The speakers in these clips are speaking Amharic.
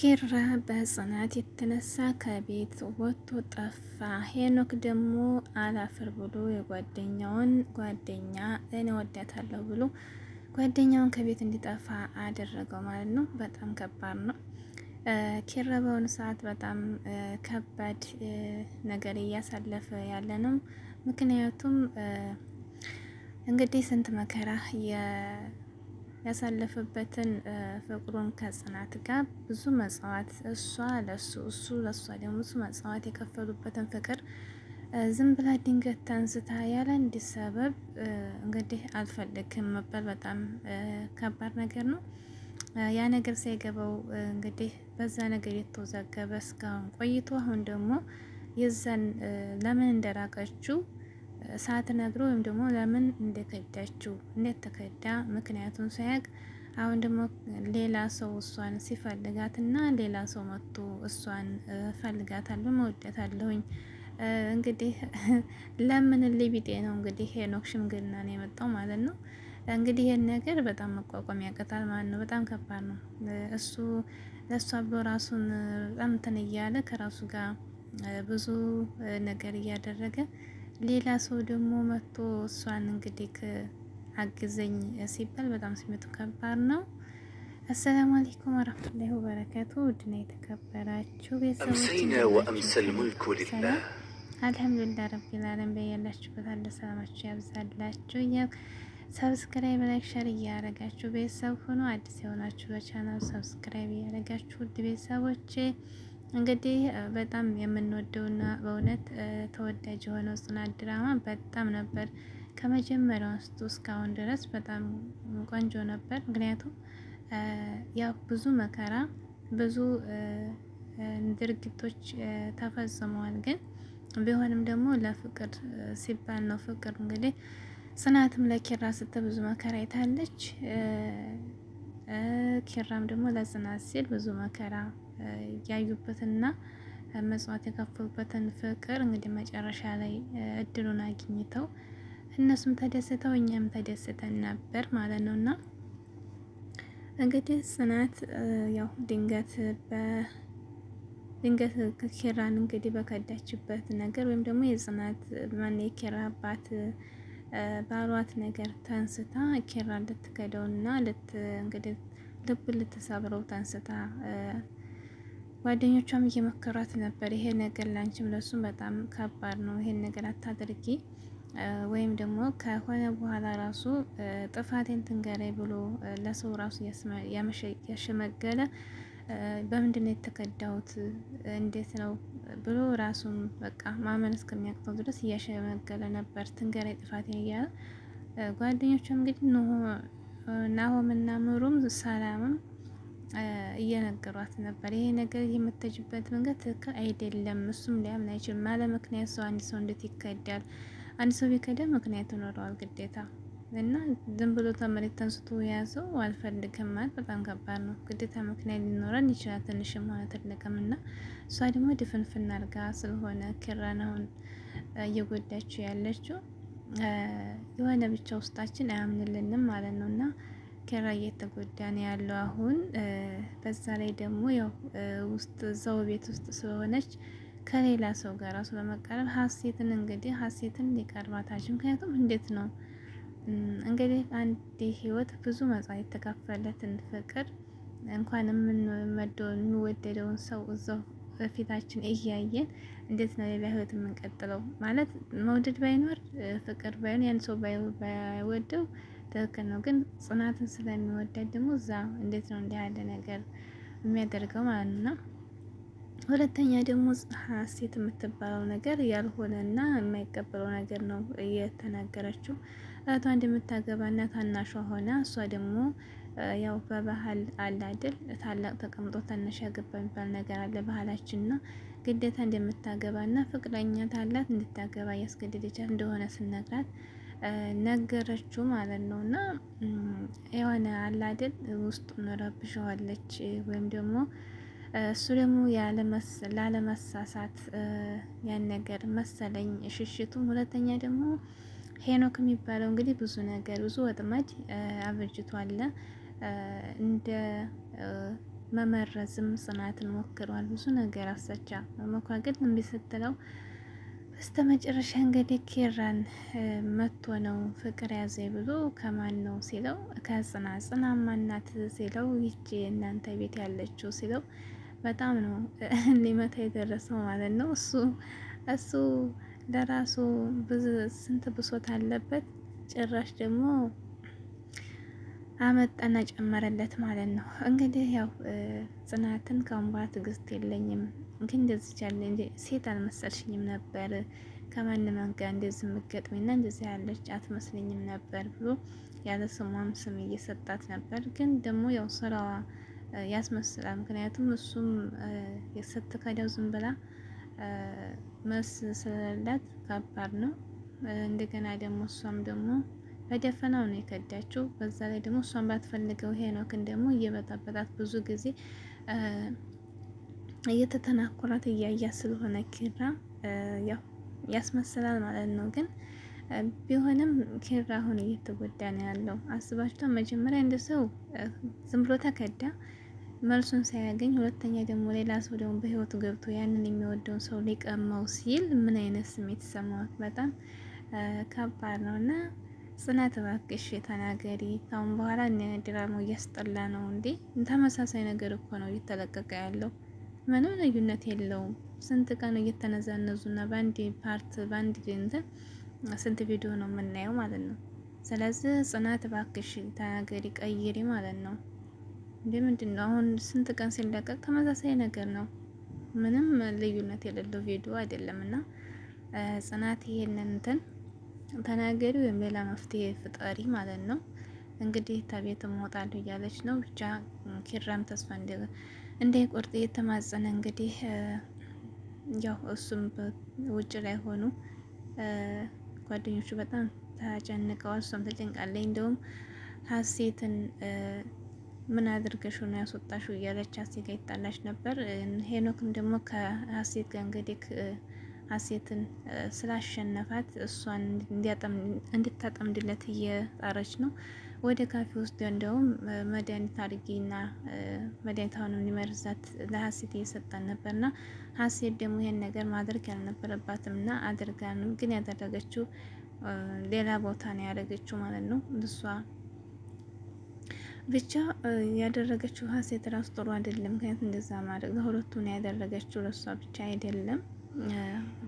ኪራ በጽናት የተነሳ ከቤት ወጥቶ ጠፋ። ሄኖክ ደግሞ አላፍር ብሎ የጓደኛውን ጓደኛ እኔ ወዳታለሁ ብሎ ጓደኛውን ከቤት እንዲጠፋ አደረገው ማለት ነው። በጣም ከባድ ነው። ኪራ በአሁኑ ሰዓት በጣም ከባድ ነገር እያሳለፈ ያለ ነው። ምክንያቱም እንግዲህ ስንት መከራ ያሳለፈበትን ፍቅሩን ከጽናት ጋር ብዙ መጽዋት እሷ ለሱ እሱ ለእሷ ደግሞ ብዙ መጽዋት የከፈሉበትን ፍቅር ዝም ብላ ድንገት ተንስታ ያለ እንዲሰበብ ሰበብ እንግዲህ አልፈልግም መባል በጣም ከባድ ነገር ነው። ያ ነገር ሳይገባው እንግዲህ በዛ ነገር የተወዛገበ እስካሁን ቆይቶ አሁን ደግሞ የዛን ለምን እንደራቀችው ነግሮ ወይም ደግሞ ለምን እንደከዳችው እንዴት ተከዳ ምክንያቱን ሳያቅ አሁን ደግሞ ሌላ ሰው እሷን ሲፈልጋት እና ሌላ ሰው መጥቶ እሷን ፈልጋታለሁ መወደታለሁኝ እንግዲህ ለምን ሊቢጤ ነው እንግዲህ ሄኖክ ሽምግልና ነው የመጣው ማለት ነው። እንግዲህ ይህን ነገር በጣም መቋቋም ያቀታል ማለት ነው። በጣም ከባድ ነው። እሱ ለእሷ ብሎ ራሱን በጣም እንትን እያለ ከራሱ ጋር ብዙ ነገር እያደረገ ሌላ ሰው ደግሞ መጥቶ እሷን እንግዲህ አግዘኝ ሲባል በጣም ስሜቱ ከባድ ነው። አሰላሙ አለይኩም ወራህመቱላሂ ወበረካቱ። ውድና የተከበራችሁ አልሐምዱሊላህ ረቢል ዓለም በያላችሁበት አለ ሰላማችሁ ያብዛላችሁ። ሰብስክራይብ፣ ላይክ፣ ሸር እያረጋችሁ ቤተሰብ ሆኖ አዲስ የሆናችሁ በቻናሉ ሰብስክራይብ እያረጋችሁ ውድ ቤተሰቦቼ እንግዲህ በጣም የምንወደውና በእውነት ተወዳጅ የሆነው ጽናት ድራማ በጣም ነበር ከመጀመሪያው አንስቶ እስካሁን ድረስ በጣም ቆንጆ ነበር። ምክንያቱም ያው ብዙ መከራ ብዙ ድርጊቶች ተፈጽመዋል። ግን ቢሆንም ደግሞ ለፍቅር ሲባል ነው። ፍቅር እንግዲህ ጽናትም ለኪራ ስትል ብዙ መከራ አይታለች። ኪራም ደግሞ ለጽናት ሲል ብዙ መከራ ያዩበትና መጽዋት የከፈሉበትን ፍቅር እንግዲህ መጨረሻ ላይ እድሉን አግኝተው እነሱም ተደስተው እኛም ተደስተን ነበር ማለት ነው። እና እንግዲህ ጽናት ያው ድንገት ድንገት ኪራን እንግዲህ በከዳችበት ነገር ወይም ደግሞ የጽናት ማን የኪራ አባት ባሏት ነገር ተንስታ ኬራ ና እንግዲህ ልብ ልትሰብረው ተንስታ ጓደኞቿም እየመከሯት ነበር። ይሄ ነገር ላንቺም ለሱም በጣም ከባድ ነው፣ ይሄን ነገር አታድርጊ፣ ወይም ደግሞ ከሆነ በኋላ ራሱ ጥፋቴን ትንገሬ ብሎ ለሰው ራሱ ያሸመገለ በምንድን ነው የተከዳሁት እንዴት ነው ብሎ ራሱን በቃ ማመን እስከሚያቅተው ድረስ እያሸመገለ ነበር። ትንገራ ጥፋት እያለ ጓደኞቹ እንግዲህ ናሆምና ምሩም ሰላምም እየነገሯት ነበር። ይሄ ነገር የምትጅበት መንገድ ትክክል አይደለም፣ እሱም ሊያምን አይችልም። አለ ምክንያት ሰው አንድ ሰው እንዴት ይከዳል? አንድ ሰው ቢከደ ምክንያት ይኖረዋል ግዴታ እና ዝም ብሎ ተመሬት ተንስቶ የያዘው አልፈልግም ማለት በጣም ከባድ ነው። ግዴታ ምክንያት ሊኖረን ይችላል ትንሽም ሆነ ትልቅም። እና እሷ ደግሞ ድፍንፍን አድርጋ ስለሆነ ኪራን አሁን እየጎዳችው ያለችው የሆነ ብቻ ውስጣችን አያምንልንም ማለት ነው እና ኪራ እየተጎዳ ነው ያለው አሁን። በዛ ላይ ደግሞ ያው ውስጥ እዛው ቤት ውስጥ ስለሆነች ከሌላ ሰው ጋር ራሱ ለመቀረብ ሀሴትን እንግዲህ ሀሴትን ሊቀርባታች ምክንያቱም እንዴት ነው እንግዲህ አንድ ህይወት ብዙ መጽዋዕት የተከፈለትን ፍቅር እንኳን የምንወደደውን ሰው እዛው በፊታችን እያየን እንዴት ነው ሌላ ህይወት የምንቀጥለው? ማለት መውደድ ባይኖር ፍቅር ባይኖር ያን ሰው ባይወደው ትክክል ነው። ግን ጽናትን ስለሚወደድ ደግሞ እዛ እንዴት ነው እንዲህ ያለ ነገር የሚያደርገው ማለት ነው። ሁለተኛ ደግሞ ሀሴት የምትባለው ነገር ያልሆነና የማይቀበለው ነገር ነው እየተናገረችው እህቷ እና ታናሿ ሆነ እሷ ደግሞ ያው በባህል አለ አይደል ታላቅ ተቀምጦ ታናሽ ያገባ የሚባል ነገር አለ ባህላችንና ግዴታ እንደምታገባና ፍቅረኛ ታላት እንድታገባ እያስገደደቻት እንደሆነ ስነግራት ነገረችው ማለት ነው። እና የሆነ አለ አይደል ውስጡን ረብሸዋለች ወይም ደግሞ እሱ ደግሞ ላለመሳሳት ያን ነገር መሰለኝ ሽሽቱም ሁለተኛ ደግሞ ሄኖክ የሚባለው እንግዲህ ብዙ ነገር ብዙ ወጥመድ አበጅቷል። እንደ መመረዝም ጽናትን ሞክሯል። ብዙ ነገር አሳቻ መኳ ግን እምቢ ስትለው በስተ መጨረሻ እንግዲህ ኬራን መቶ ነው ፍቅር ያዘ ብሎ ከማን ነው ሲለው ከጽና ጽናማ እናት ሲለው ይቺ እናንተ ቤት ያለችው ሲለው በጣም ነው ሊመታ የደረሰው ማለት ነው እሱ እሱ ለራሱ ስንት ብሶት አለበት። ጭራሽ ደግሞ አመጣና ጨመረለት ማለት ነው። እንግዲህ ያው ጽናትን ከአሁን በኋላ የለኝም፣ ግን እንደዚህ ያለ ሴት አልመሰልሽኝም ነበር ከማንም ጋር እንደዚህ ምገጥሚና እንደዚህ ያለች አትመስለኝም ነበር ብሎ ያለ ስሟም ስም እየሰጣት ነበር። ግን ደግሞ ያው ስራዋ ያስመስላል። ምክንያቱም እሱም የሰጠ ከዳው ዝም ብላ መልስ ስለሌላት ከባድ ነው። እንደገና ደግሞ እሷም ደግሞ በደፈናው ነው የከዳችው። በዛ ላይ ደግሞ እሷን ባትፈልገው ሄኖክን ደግሞ እየበጣበጣት ብዙ ጊዜ እየተተናኮራት እያያ ስለሆነ ኪራ ያስመስላል ማለት ነው። ግን ቢሆንም ኪራ አሁን እየተጎዳ ነው ያለው። አስባችቷ መጀመሪያ እንደ ሰው ዝም ብሎ ተከዳ። መልሱን ሳያገኝ ሁለተኛ ደግሞ ሌላ ሰው ደግሞ በህይወቱ ገብቶ ያንን የሚወደውን ሰው ሊቀማው ሲል ምን አይነት ስሜት ይሰማዋል? በጣም ከባድ ነው እና ጽናት እባክሽ ተናገሪ። ካሁን በኋላ ድራማው እያስጠላ ነው እንዴ! ተመሳሳይ ነገር እኮ ነው እየተለቀቀ ያለው። ምንም ልዩነት የለውም። ስንት ቀን እየተነዛነዙና በአንድ ፓርት በአንድ እንትን ስንት ቪዲዮ ነው የምናየው ማለት ነው። ስለዚህ ጽናት እባክሽ ተናገሪ፣ ቀይሪ ማለት ነው። እንዴ ምንድን ነው አሁን ስንት ቀን ሲለቀቅ ተመሳሳይ ነገር ነው። ምንም ልዩነት የሌለው ቪዲዮ አይደለም። እና ጽናት ይሄንን እንትን ተናገሪው የሌላ መፍትሄ ፍጠሪ ማለት ነው። እንግዲህ ተቤት እወጣለሁ እያለች ነው። ብቻ ኪራም ተስፋ ቁርጥ እየተማጸነ እንግዲህ ያው እሱም ውጭ ላይ ሆኑ ጓደኞቹ በጣም ተጨንቀዋል። እሷም ተጨንቃለች። እንደውም ሀሴትን ምን አድርገሽ ነው ያስወጣሽው? እያለች ሀሴት ጋር ይጣላች ነበር። ሄኖክም ደግሞ ከሀሴት ጋር እንግዲህ ሀሴትን ስላሸነፋት እሷን እንድታጠምድለት እየጣረች ነው። ወደ ካፌ ውስጥ እንደውም መድኃኒት አድርጊና መድኃኒት አሁንም ሊመርዛት ለሀሴት እየሰጣን ነበርና ሀሴት ደግሞ ይሄን ነገር ማድረግ ያልነበረባትም ና አድርጋ ግን ያደረገችው ሌላ ቦታ ነው ያደረገችው ማለት ነው እሷ ብቻ ያደረገችው ሀሴት ራሱ ጥሩ አይደለም። ምክንያት እንደዛ ማድረግ ለሁለቱን ያደረገችው ለእሷ ብቻ አይደለም።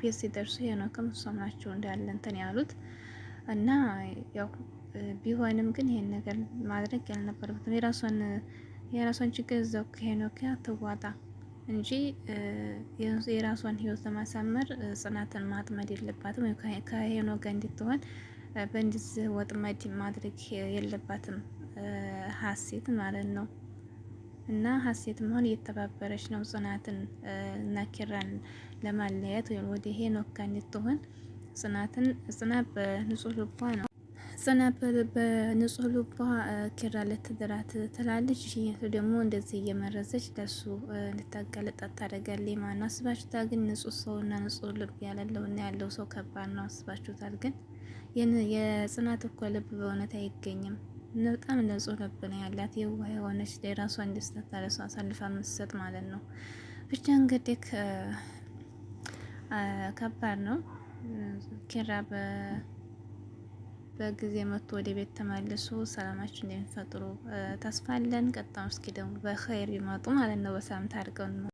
ቤት ሲደርሱ ሄኖክም እሷም ናቸው እንዳለ እንትን ያሉት እና ያው ቢሆንም ግን ይሄን ነገር ማድረግ ያልነበረበት የራሷን የራሷን ችግር እዛው ከሄኖክ ትዋጣ እንጂ የራሷን ህይወት ለማሳመር ጽናትን ማጥመድ የለባትም። ከሄኖክ ጋር እንድትሆን በእንዲህ ወጥመድ ማድረግ የለባትም ሀሴት ማለት ነው። እና ሀሴት መሆን እየተባበረች ነው ጽናትን እና ኪራን ለማለያየት ወይም ወደ ሄኖክ እንድትሆን ጽናትን ጽናት በንጹህ ልቧ ነው ጽናት በንጹህ ልቧ ኪራ ልትድራት ትላለች። ይህኛቱ ደግሞ እንደዚህ እየመረዘች ለሱ እንድታጋለጣት ታደርጋለች። ማን አስባችሁታል ግን ንጹህ ሰው ሰውና ንጹህ ልብ ያለለውና ያለው ሰው ከባድ ነው። አስባችሁታል ግን የጽናት እኮ ልብ በእውነት አይገኝም። በጣም ንጹህ ልብ ነው ያላት። የዋህ የሆነች የራሷን ደስታ አሳልፋ ምትሰጥ ማለት ነው። ብቻ እንግዲህ ከባድ ነው። ኪራ በጊዜ መጥቶ ወደ ቤት ተመልሶ ሰላማችሁ እንደሚፈጥሩ ተስፋ አለን። ቀጣዩ እስኪ ደግሞ በኸይር ይመጡ ማለት ነው። በሰላም ነው።